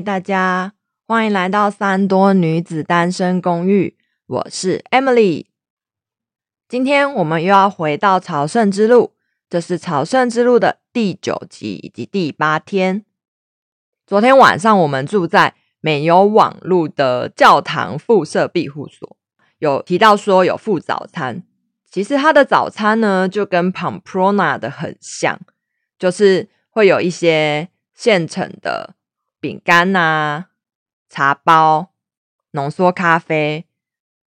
大家歡迎來到三多女子單身公寓，我是 Emily。今天我們又要回到朝聖之路，這是朝聖之路的第九集以及第八天。昨天晚上我們住在沒有網路的教堂附設庇護所，有提到說有附早餐。其實它的早餐呢，就跟 Pamplona 的很像，就是會有一些現成的。餅乾啊，茶包、濃縮咖啡，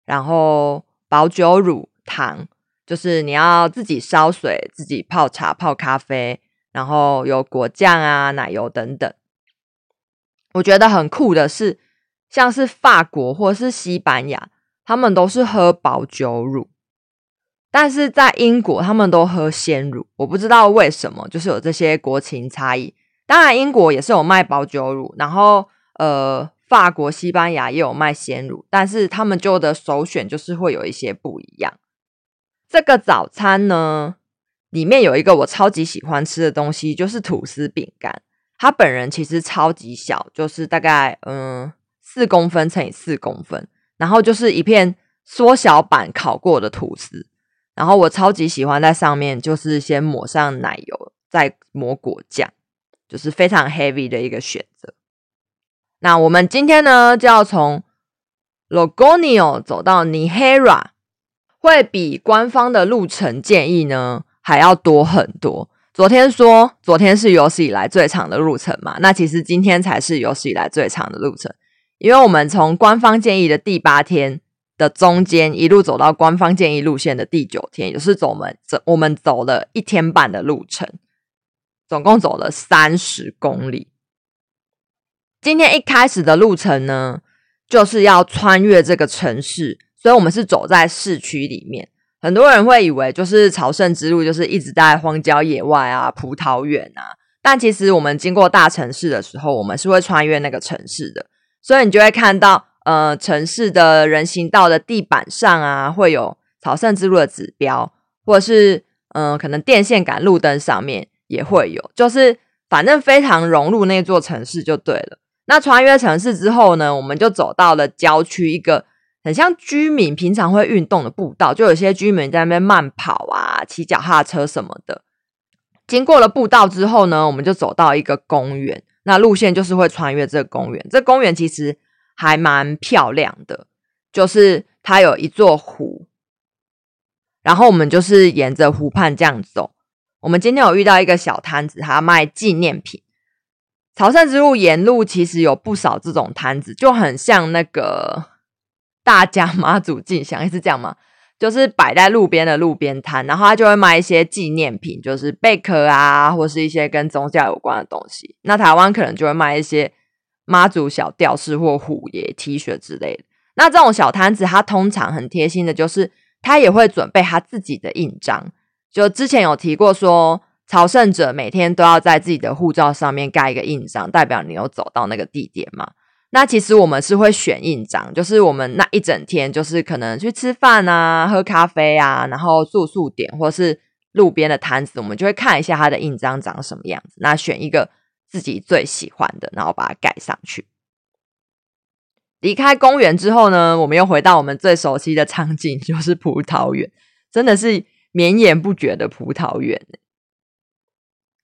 然後保久乳、糖，就是你要自己燒水、自己泡茶、泡咖啡，然後有果醬啊、奶油等等。我覺得很酷的是，像是法國或是西班牙，他們都是喝保久乳，但是在英國他們都喝鮮乳，我不知道為什麼，就是有這些國情差異。當然，英國也是有賣保久乳，然後呃，法國、西班牙也有賣鮮乳，但是他們做的首選就是會有一些不一樣。這個早餐呢，裡面有一個我超級喜歡吃的東西，就是吐司餅乾。它本人其實超級小，就是大概嗯四公分乘以四公分，然後就是一片縮小版烤過的吐司。然後我超級喜歡在上面，就是先抹上奶油，再抹果醬。就是非常 heavy 的一個選擇。那我們今天呢，就要從 Logonio 走到 Nihera，會比官方的路程建議呢還要多很多。昨天說昨天是有史以來最長的路程嘛？那其實今天才是有史以來最長的路程，因為我們從官方建議的第八天的中間一路走到官方建議路線的第九天，也就是走我們走我們走了一天半的路程。總共走了三十公里。今天一開始的路程呢，就是要穿越這個城市，所以我們是走在市區裡面。很多人會以為就是朝聖之路，就是一直在荒郊野外啊、葡萄園啊。但其實我們經過大城市的時候，我們是會穿越那個城市的，所以你就會看到呃城市的人行道的地板上啊，會有朝聖之路的指標，或者是嗯呃可能電線桿、路燈上面。也會有，就是反正非常融入那座城市就對了。那穿越城市之後呢，我們就走到了郊區一個很像居民平常會運動的步道，就有些居民在那邊慢跑啊，騎腳踏車什麼的。經過了步道之後呢，我們就走到一個公園。那路線就是會穿越這個公園，這公園其實還蠻漂亮的，就是它有一座湖，然後我們就是沿着湖畔這樣走。我們今天有遇到一個小攤子，他賣紀念品。朝聖之路沿路其實有不少這種攤子，就很像那個大甲媽祖進香也是這樣嘛，就是擺在路邊的路邊攤，然後他就會賣一些紀念品，就是貝殼啊，或是一些跟宗教有關的東西。那台灣可能就會賣一些媽祖小吊飾或虎爺 T 恤之類的。那這種小攤子，他通常很貼心的，就是他也會準備他自己的印章。就之前有提過說，說朝聖者每天都要在自己的護照上面蓋一個印章，代表你有走到那個地點嘛。那其實我們是會選印章，就是我們那一整天，就是可能去吃飯啊、喝咖啡啊，然後住宿點或是路邊的攤子，我們就會看一下它的印章長什麼樣子，那選一個自己最喜歡的，然後把它蓋上去。離開公園之後呢，我們又回到我們最熟悉的場景，就是葡萄園，真的是。綿延不絕的葡萄園，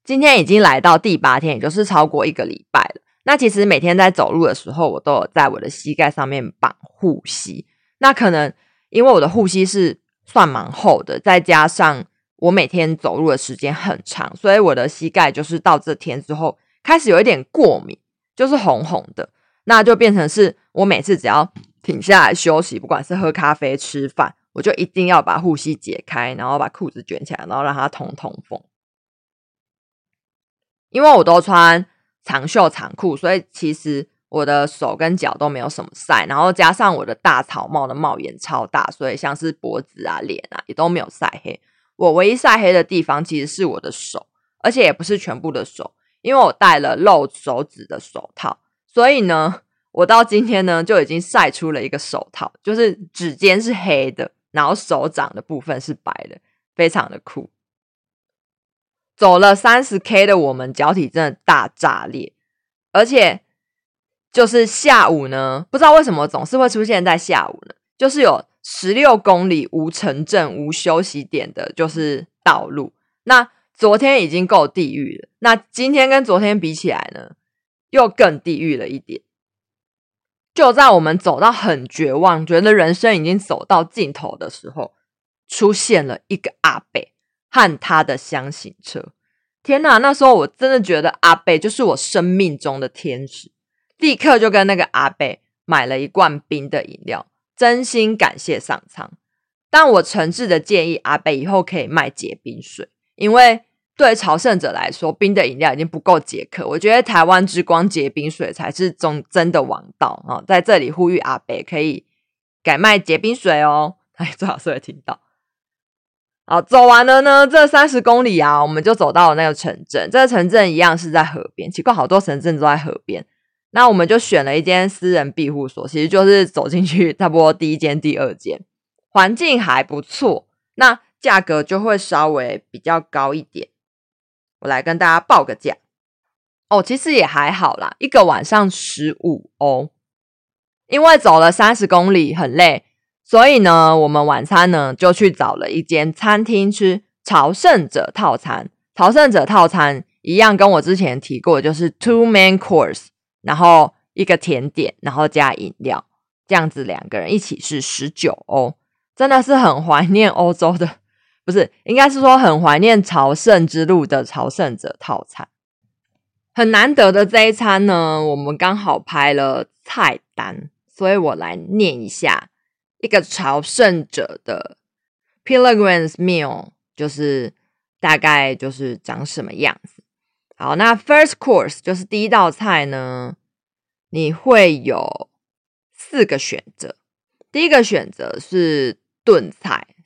今天已經來到第八天，也就是超過一個禮拜了。那其實每天在走路的時候，我都有在我的膝蓋上面綁護膝。那可能因為我的護膝是算蠻厚的，再加上我每天走路的時間很長，所以我的膝蓋就是到這天之後開始有一點過敏，就是紅紅的。那就變成是我每次只要停下來休息，不管是喝咖啡、吃飯。我就一定要把護膝解開，然後把褲子捲起來，然後讓它通通風。因為我都穿長袖長褲，所以其實我的手跟腳都沒有什麼曬。然後加上我的大草帽的帽檐超大，所以像是脖子啊、臉啊也都沒有曬黑。我唯一曬黑的地方其實是我的手，而且也不是全部的手，因為我戴了露手指的手套，所以呢，我到今天呢就已經曬出了一個手套，就是指尖是黑的。然後手掌的部分是白的，非常的酷。走了三十 K 的我們腳底真的大炸裂，而且就是下午呢，不知道為什麼總是會出現在下午呢，就是有十六公里無城鎮無休息點的，就是道路。那昨天已經夠地獄了，那今天跟昨天比起來呢，又更地獄了一點。就在我們走到很絕望、覺得人生已經走到盡頭的時候，出現了一個阿伯和他的箱型車。天哪，那時候我真的覺得阿伯就是我生命中的天使，立刻就跟那個阿伯買了一罐冰的飲料，真心感謝上蒼。但我誠摯的建議阿伯以後可以賣結冰水，因為，對朝聖者來說，冰的飲料已經不夠解渴。我覺得台灣之光結冰水才是中真的王道啊，哦！在這裡呼籲阿北可以改賣結冰水哦。哎，最好是會聽到。好，走完了呢，這三十公里啊，我們就走到了那個城鎮。這個城鎮一樣是在河邊，奇怪，好多城鎮都在河邊。那我們就選了一間私人庇護所，其實就是走進去，差不多第一間、第二間，環境還不錯，那價格就會稍微比較高一點。我來跟大家報個價哦，其實也還好啦，一個晚上十五歐，因為走了三十公里很累，所以呢，我們晚餐呢就去找了一間餐廳吃朝聖者套餐。朝聖者套餐一樣跟我之前提過，就是 two main course，然後一個甜點，然後加飲料，這樣子兩個人一起是十九歐，真的是很懷念歐洲的。不是，應該是說很懷念朝聖之路的朝聖者套餐，很難得的這一餐呢。我們剛好拍了菜單，所以我來念一下一個朝聖者的 Pilgrim's meal，就是大概就是長什麼樣子。好，那 first course 就是第一道菜呢，你會有四個選擇。第一個選擇是燉菜。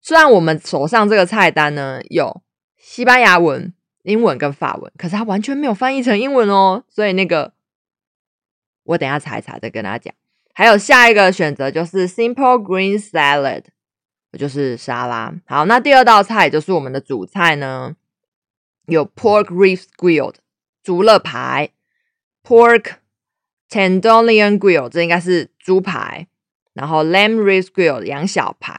雖然我們手上這個菜單呢，有西班牙文、英文跟法文，可是它完全沒有翻譯成英文哦。所以那個我等一下查一查再跟大家講。還有下一個選擇就是 Simple Green Salad，就是沙拉。好，那第二道菜就是我們的主菜呢，有 Pork Ribs Grilled 豬肋排，Pork Tenderloin Grilled 這應該是豬排，然後 Lamb Ribs Grilled 羊小排。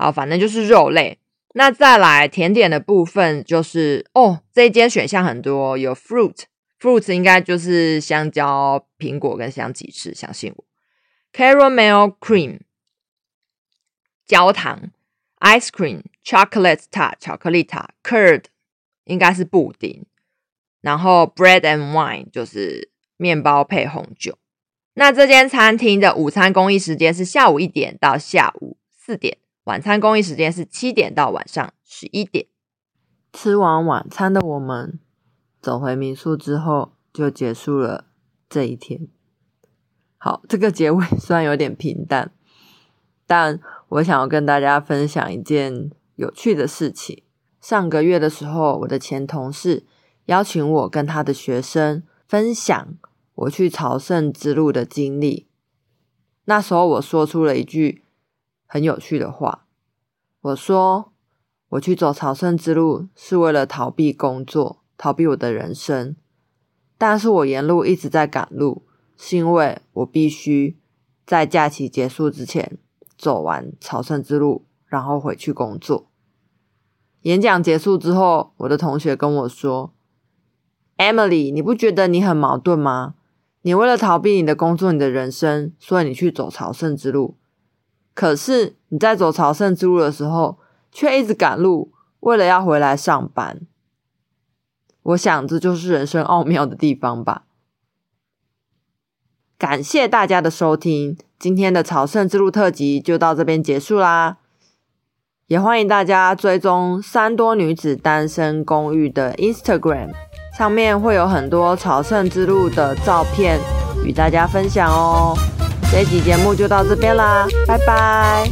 好，反正就是肉類。那再來甜點的部分，就是哦，這間選項很多，有 fruit，fruits 應該就是香蕉、蘋果跟香吉士。相信我，caramel cream 焦糖，ice cream chocolate tart 巧克力塔，curd 應該是布丁，然後 bread and wine 就是麵包配紅酒。那這間餐廳的午餐供應時間是下午一點到下午四點。晚餐公益時間是七點到晚上十一點。吃完晚餐的我們，走回民宿之後就結束了這一天。好，這個結尾雖然有點平淡，但我想要跟大家分享一件有趣的事情。上個月的時候，我的前同事邀請我跟他的學生分享我去朝聖之路的經歷。那時候我說出了一句很有趣的話，我說我去走朝聖之路是為了逃避工作，逃避我的人生。但是我沿路一直在趕路，是因為我必須在假期結束之前走完朝聖之路，然後回去工作。演講結束之後，我的同學跟我說：“Emily，你不覺得你很矛盾嗎？你為了逃避你的工作、你的人生，所以你去走朝聖之路。”可是你在走朝聖之路的時候，卻一直趕路，為了要回來上班。我想這就是人生奧妙的地方吧。感謝大家的收聽，今天的朝聖之路特輯就到這邊結束啦。也歡迎大家追蹤三多女子單身公寓的 Instagram，上面會有很多朝聖之路的照片與大家分享哦。這期節目就到這邊啦，拜拜。